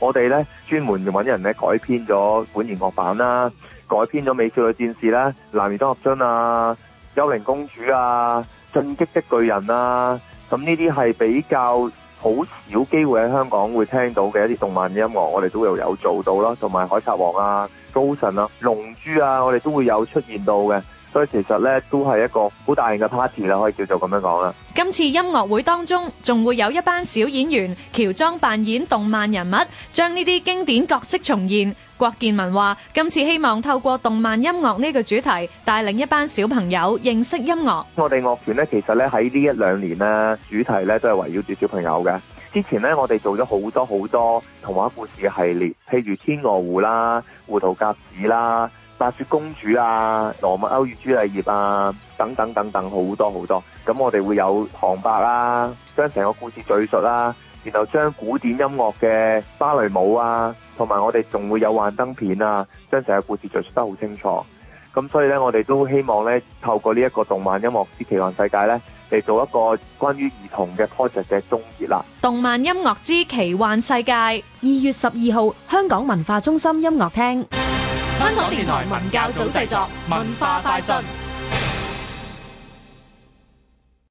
我哋咧，專門揾人咧改編咗《管弦樂版》啦，改編咗、啊《編美少女戰士》啦，《藍鰭多合樽》啊，《幽靈公主》啊，《進擊的巨人》啊。咁呢啲係比較好少機會喺香港會聽到嘅一啲動漫音樂，我哋都會有做到啦，同埋《海賊王》啊，《高神啊、龍珠》啊，我哋都會有出現到嘅。所以其實咧都係一個好大型嘅 party 啦，可以叫做咁樣講啦。今次音樂會當中仲會有一班小演員喬裝扮演動漫人物，將呢啲經典角色重現。郭建文話，今次希望透過動漫音樂呢個主題，帶領一班小朋友認識音樂。我哋樂團咧，其實咧喺呢一兩年咧，主題咧都係圍繞住小朋友嘅。之前咧，我哋做咗好多好多童話故事系列，譬如天鵝湖啦、胡桃夾子啦。白雪公主啊，羅密歐與朱麗葉啊，等等等等，好多好多。咁我哋會有旁白啦、啊，將成個故事敘述啦、啊，然後將古典音樂嘅芭蕾舞啊，同埋我哋仲會有幻燈片啊，將成個故事敘述得好清楚。咁所以呢，我哋都希望呢透過呢一個動漫音樂之奇幻世界呢，嚟做一個關於兒童嘅 project 嘅總結啦。動漫音樂之奇幻世界，二月十二號香港文化中心音樂廳。香港電台文教組製作，作《文化快訊》。